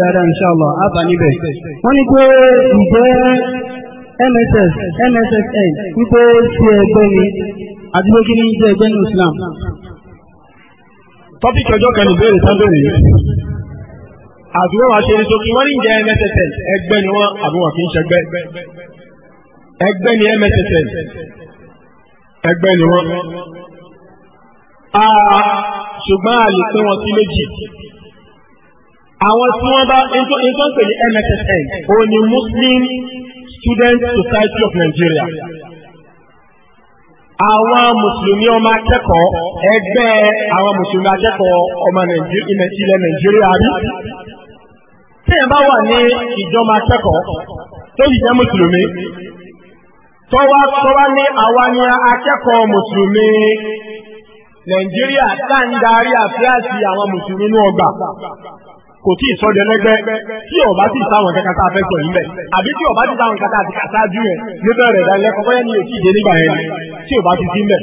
dáadáa inshallah àbá níbẹ̀. wọ́n ní pé mss mssn wípé ṣe ẹgbẹ́ ẹgbẹ́ ní islam. tọ́pìkì ọjọ́ kan ìbéèrè àdúgbò wa ṣe ní sókè wọ́n ní mssn ẹgbẹ́ àwọn tí wọ́n bá nǹkan pè ní MSSN òun ni Muslim Student Society of Nigeria àwọn mùsùlùmí ọmọ akẹ́kọ̀ọ́ ẹgbẹ́ àwọn mùsùlùmí akẹ́kọ̀ọ́ ọmọ ilẹ̀ Nàìjíríà rí tí ẹ bá wà ní ìjọba akẹ́kọ̀ọ́ tó yìí jẹ́ mùsùlùmí tọ́wá tọ́wá ní àwa ni akẹ́kọ̀ọ́ mùsùlùmí Nàìjíríà tá ń darí àfíàsì àwọn mùsùlùmí ní ọgbà kò tí ì sọdẹ lẹgbẹ tí ọba ti sáwọn kẹkẹ tá a fẹ́ sọ yìí bẹ àbí tí ọba ti sáwọn kẹkẹ àti kàtàdú yẹn níbẹ̀rẹ̀ ìdánilẹ́kọ̀ọ́ bóyá ni èsì ìdè nígbà yẹn tí ọba ti sí mbẹ.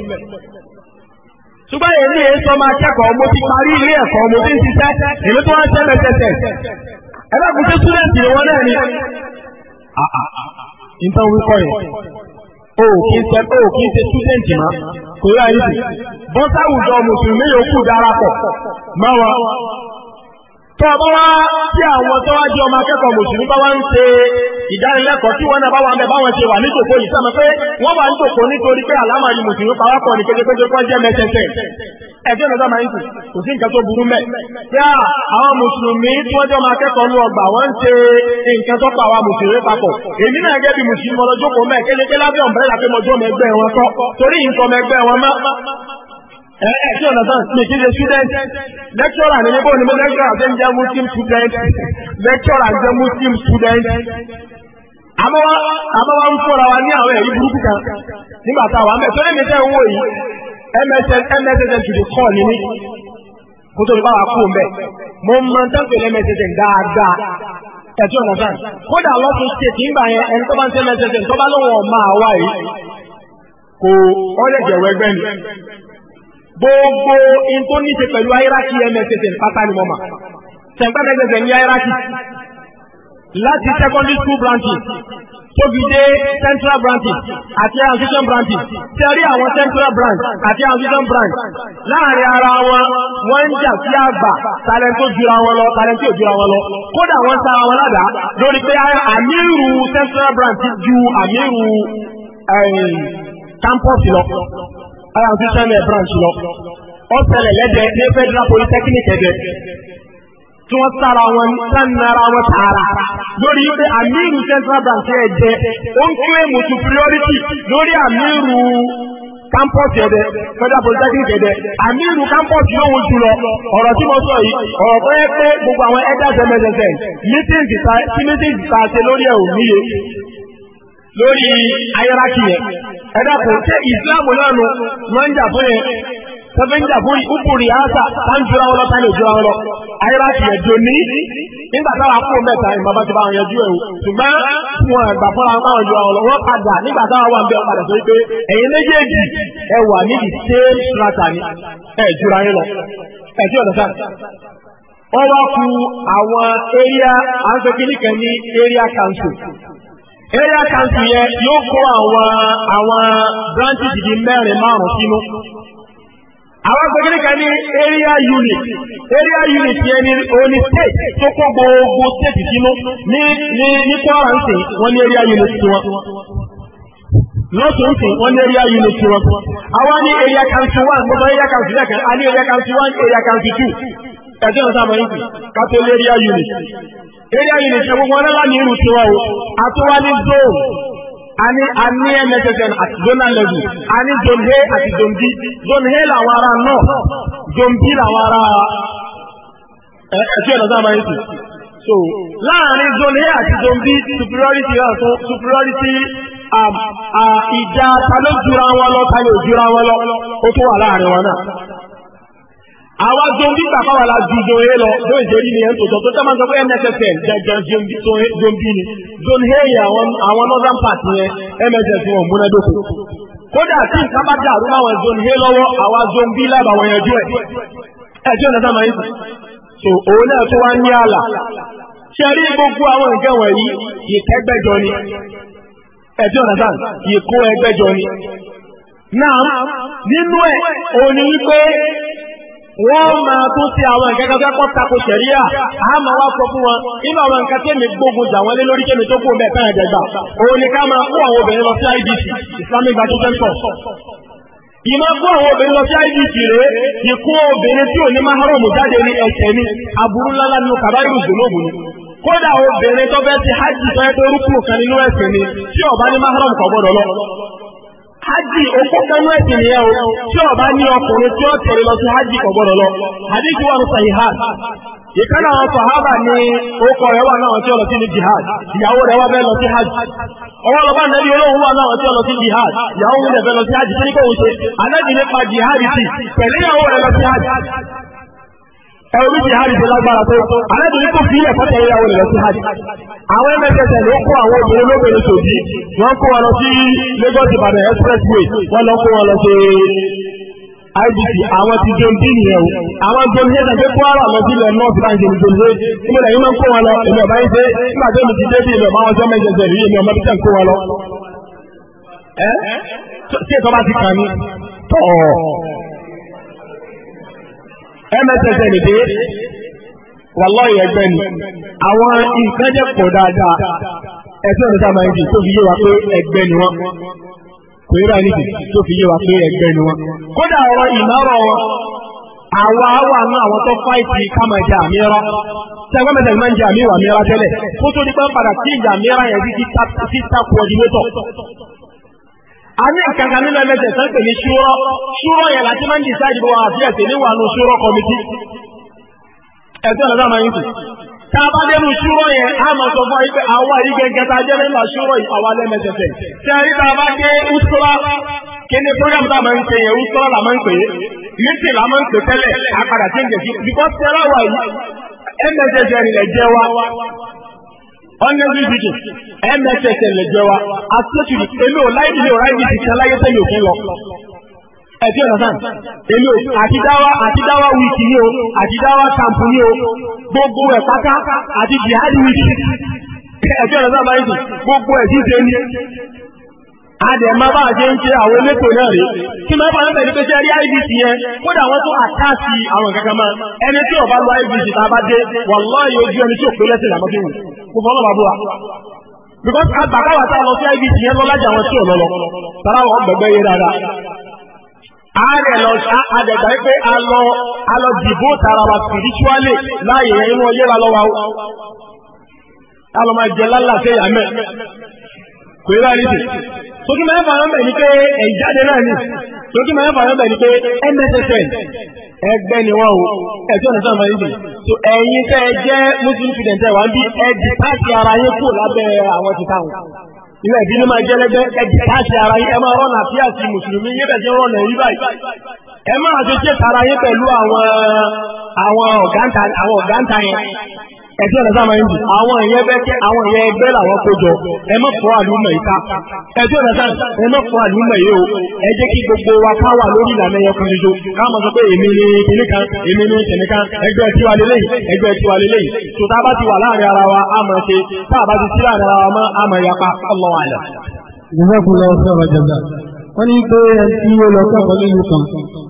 ṣùgbọ́n èmi èyí sọ máa kẹ́kọ̀ọ́ mo ti parí ilé ẹ̀kọ́ mo ti ń ṣiṣẹ́ èmi tó wá ń ṣe mẹ́tẹ̀ẹ̀tẹ̀ ẹlẹ́kùn tó túnẹ̀tì ni wọ́n náà ni. nǹkan wíkọ yẹn o kì í ṣe o kì í ṣe túnẹ̀tì mọ́ kò yá yìí bọ́sáwùjọ mùsùlùmí yòókù darapọ̀ máa wá tọ́ bá wá tí àwọn tó wá jẹ́ ọmọ akẹ́kọ̀ọ́ mùsùlùmí bá wá ń ṣe ìdánilẹ́kọ̀ọ́ tí wọ́n náà bá wà ń bẹ báwọn ṣe wà nítòkó yìí sọ́mọ pé wọ́n wà nítòkó nítorí pé àlámà ni mùsùlùmí pawọ́pọ̀ ní kékeré kọ́ jẹ́ mẹ́sẹsẹ ẹgbẹ́ ìrọ̀dá máa ń kù kò sí nǹkan tó burú mẹ́ tí àwọn mùsùlùmí tí wọ́n jẹ́ ọmọ akẹ́kọ̀ọ́ ní ọgbà wọ́n ń ṣe nǹkan tó pa àwọn mùsùlùmí papọ̀ èmi náà gẹ́gẹ́ bí mùsùlùmí ọlọ́jọ́kọ̀ọ́ mẹ́ kékeré lábẹ́ ọ̀mbrẹ́là pé mo jọ́ ọmọ ẹgbẹ́ wọn kọ́ torí nǹkan ọmọ ẹgbẹ́ wọn mọ́ ẹ̀ẹ́ tí ọ̀nà tán ní kíkẹ́ student lecturer ní níbo ni mo lecturer ṣe ń muslim student lecturer jẹ́ muslim student àmọ́wá ń fọ́ra wa ní àwọn ẹ̀rí burúkú kan nígbà tá a wà mẹ́tọ́ lè mi tẹ́ owó yìí msn msn to the call ni mí kó tó ní bá wa kú mbẹ́ mo mọ tẹ́sán msn dáadáa ẹ̀tí ọ̀nà tán kódà lọ́sùn state nígbà yẹn ẹni tó bá ń tẹ́ msn tó bá lóun ọ̀ máa wá yìí gbogbo in tó ní ṣe pẹ̀lú ayéraki mss pátá ni mo mà tẹ̀gbẹ́dẹ́gbẹ̀gbẹ̀ ní ayéraki láti secondary school branches tóbi dé central branches àti transition branches tẹ̀rí àwọn central branch àti transition branch láàrin ara wọn wọ́n ń jà sí àgbà talento jura wọn lọ talento jura wọn lọ kódà wọ́n sara wọn ládàá lórí pé àmírù central branch ju àmírù campus lọ ara ti sẹ́lẹ̀ branch lọ ó ṣẹlẹ̀ lẹ́dẹ̀ ní federal polytechnic ẹ̀dẹ̀ tí wọ́n sára wọn sánara wọn tààrà lórí pé àmírù central branch ẹ̀ jẹ́ ó ń kílẹ̀ mú superiority lórí àmírù campus ẹ̀dẹ̀ federal polytechnic ẹ̀dẹ̀ àmírù campus yóò wọ́n jùlọ ọ̀rọ̀ tí mo sọ yìí ọ̀rọ̀ tó yẹ pé gbogbo àwọn elders mssn meetings ta ṣe lórí ẹ̀ ò níye lórí ayọ́rákì yẹn. ẹ̀dá kò tẹ́ ìsìláàmù náà nù wọ́n ń jà fún yẹn tẹ́fẹ́ ń jà fún ìbùrì àṣà táǹjúra wọn lọ táyé òjúra wọn lọ ayélujára yẹn jò ní nígbà táwọn akó mẹ́ta ìmọ̀ bá ti bá wọn yẹn jú ẹ̀ o ṣùgbọ́n wọn ẹ̀gbà fúnra wọn báwọn jura wọn lọ wọn padà nígbà ni jura area council yẹ yóò kó àwọn àwọn branches di mẹ́rin márùn sínú àwọn agbẹ́gẹ́rẹ́ kan ní area unit area unit yẹn ni oní state tó kó gbogbo state sínú ní ní ní Kwara area unit tiwọn lọ́sùn sìn wọ́n ní area unit tiwọn àwọn ní area council one gbogbo area council kan a ní area council one area council two ẹ̀jẹ̀ náà sábà ń sìn area unit. eré ayé nìkan gbogbo wọn ní irú tiwọn o àtúwá ní zone ani zonal level ani zone a àti zone zone a làwọn ará zone làwọn ará ẹ ẹ tí so láàrin zone a àti zone superiority náà fún superiority ìjà um, uh, ta ló jura wọn lọ ta ló jura àwa zombi tàfáwà la ju zon he lọ zon ìjẹ́rí ni ẹ̀ ń tò sọ tó tẹ́ máa ń sọ pé mssn gẹ́gẹ́ zombi ni zon he yẹ àwọn northern part yẹn mss wọn múnádókò kódà tí nǹkan bá dàrú máwọn zon he lọ́wọ́ àwa zombi lábà wọn yẹn jú ẹ̀ ẹ̀ tí ọ̀nà sáà so òun náà tó wá ní àlà ṣe rí gbogbo àwọn nǹkan wọ̀nyí ìkẹ́gbẹ́jọ ni ẹ̀ tí ọ̀nà sáà ìkó ẹgbẹ́jọ ni náà nínú ẹ̀ òun ni wípé wọ́n máa tún ṣe àwọn nǹkan kan kọ́ tako sẹ̀ríà a máa wá sọ fún wọn nínú àwọn nǹkan tẹ́mi gbógun jà wọ́n lé lórí kẹ́mi tó kú bẹ́ẹ̀ tẹ́yàn dẹ̀gbà òun ni ká máa kó lọ sí IDC Islamic Action Center ìmọ̀ kó àwọn obìnrin lọ sí IDC rèé ìkó obìnrin tí maharam jáde ní aburú lálá kódà obìnrin tó fẹ́ ti hajj tó kan nínú ni hajj okó kánú ẹ̀sìn nìyẹn o tí ọba ní ọkùnrin tí ó tẹ̀lé lọ sí hajj kò gbọdọ̀ lọ hadith wà ní sahihan ìkànnà àwọn sàhábà ní orúkọ rẹ̀ wà náà tí ó lọ sí ní jihad ìyàwó rẹ̀ wà bẹ́ẹ̀ lọ sí hajj ọwọ́ lọ́ba nẹ́bí olóhùn wà náà tí ó lọ sí jihad ìyàwó rẹ̀ bẹ́ẹ̀ lọ sí hajj tí ní kò ń ṣe anábì nípa jihad sí pẹ̀lú ìyàwó rẹ̀ lọ sí hajj ẹ orí ti hajj lágbára tó alábìrin kò fi ẹ̀kọ́ tẹ̀lé àwọn ìlọ sí hajj àwọn mss ló kó àwọn obìnrin lóbìnrin sòdí wọ́n kó wọn lọ sí Lagos Ìbàdàn expressway wọ́n lọ kó wọn lọ sí IBC àwọn ti jẹun bí nìyẹn o àwọn jẹun yẹn tẹ̀sí Kwara lọ sí ilẹ̀ north bank jẹun jẹun lé níbo lẹ́yìn máa ń kó wọn lọ èmi ọ̀bá yín ṣe nígbà tó mi ti dé bí ilẹ̀ ọ̀bá wọn sọ mẹ́jẹsẹ̀ rí èmi ọmọ bíkẹ́ ń kó wọn lọ. ẹ tí ètò bá ti kàn mí tọ̀ mss nìdé wàláhì ẹgbẹ́ ni àwọn nǹkan jẹ́ pọ̀ dáadáa ẹ̀sìn ọ̀dọ́ sábà ń di tó fi yé wa pé ẹgbẹ́ ni wọ́n kò yẹ báyìí nìdí tó fi yé wa pé ẹgbẹ́ ni wọ́n. kódà àwọn ìmọ̀ràn wọn àwa wà ní àwọn tó fáìtì kámẹ́jà àmìíràn sẹ́gbẹ́ mẹ́ta ni máa ń jẹ àmì ìwà àmìíràn tẹ́lẹ̀ kó tó ní pẹ́ padà sí ìjà àmìíràn yẹn sí sí tap coordinator a ní kankan nínú ẹlẹ́sẹ̀ tán pè ní ṣúrọ́ ṣúrọ́ yẹn láti máa ń di sáàjì bọ́ àti ẹ̀sẹ̀ níwà nù ṣúrọ́ kọ́mítì ẹ̀sẹ̀ ọ̀nà náà máa ń tù tá a bá dẹnu ṣúrọ́ yẹn a máa sọ fún ẹgbẹ́ àwa yìí gẹ́gẹ́ tá a jẹ́ nípa ṣúrọ́ yìí àwa lẹ́mẹsẹsẹ sẹ́yìn tá a bá dé usra kíni program tá a máa ń ṣe yẹn usra la máa ń pè é mítì la máa ń pè tẹ́lẹ̀ àpàdà tí ń jẹ sí bíkọ́ sẹ́ra wà honestly speaking mssn lè jẹ wa asotiri èmi ò láì nílé ọ̀ráìdì ìtàn láyé sẹ́yìn òfin lọ. ẹ̀sìn ọ̀nà sàn èmi ò àtidáwá àtidáwá wíìkì ni o àtidáwá kàmpù ni o gbogbo ẹ̀ pátá àti jihadi wíìkì ẹ̀sìn ọ̀nà sàn báyìí gbogbo ẹ̀ ti ṣe ni. àdẹ̀má bá a ṣe ń ṣe àwọn elétò náà rí kí máa bá lẹ́bẹ̀ẹ́ ní rí IBC yẹn kódà wọ́n tún àwọn kankan máa ẹni tí ọba lu IBC tá a bá dé wàláhì ojú ẹni tí ò pé wù fọ́ lọ́ba búra. because a lọ sí IBC yẹn lọ́lájà wọn tí wọn yé a dìbò tara wa spiritually la lọ wa tókí máa ń fara ń bẹ̀ ní pé náà ni tókí máa ń fara ń bẹ̀ ní pé nssn ẹgbẹ́ ni wọ́n o ẹ̀jọ́ ọ̀nà sáà máa ń bì so ẹ̀yin tẹ́ ẹ jẹ́ muslim student ẹ̀ wá ń bí ẹ̀dì ara yín lábẹ́ àwọn ti táwọn máa jẹ́ lẹ́gbẹ́ ẹ̀dì ara yín máa mùsùlùmí yín ẹ̀sìn ọ̀nà sáà máa ń jù àwọn ìyẹn bẹ́ẹ̀ kí àwọn ìyẹn ẹgbẹ́ làwọn kó jọ ẹ má fọ́ àlùmọ̀ yìí ká ẹ̀sìn ọ̀nà sáà ẹ má fọ́ àlùmọ̀ yìí o ẹ jẹ́ kí gbogbo wa ká wà lórí ìlànà ẹyọ kan ṣoṣo ká máa sọ pé èmi ni kìnní kan èmi ni kìnní kan ẹgbẹ́ tiwa lélẹ́yìn ẹgbẹ́ tiwa lélẹ́yìn tó ti wà láàrin ara wa á máa ṣe tá ti sí láàrin ara wa mọ́ á máa yapa Allahu a'lam. ìjọba kò lọ sí ọ̀rọ̀ jẹ̀dá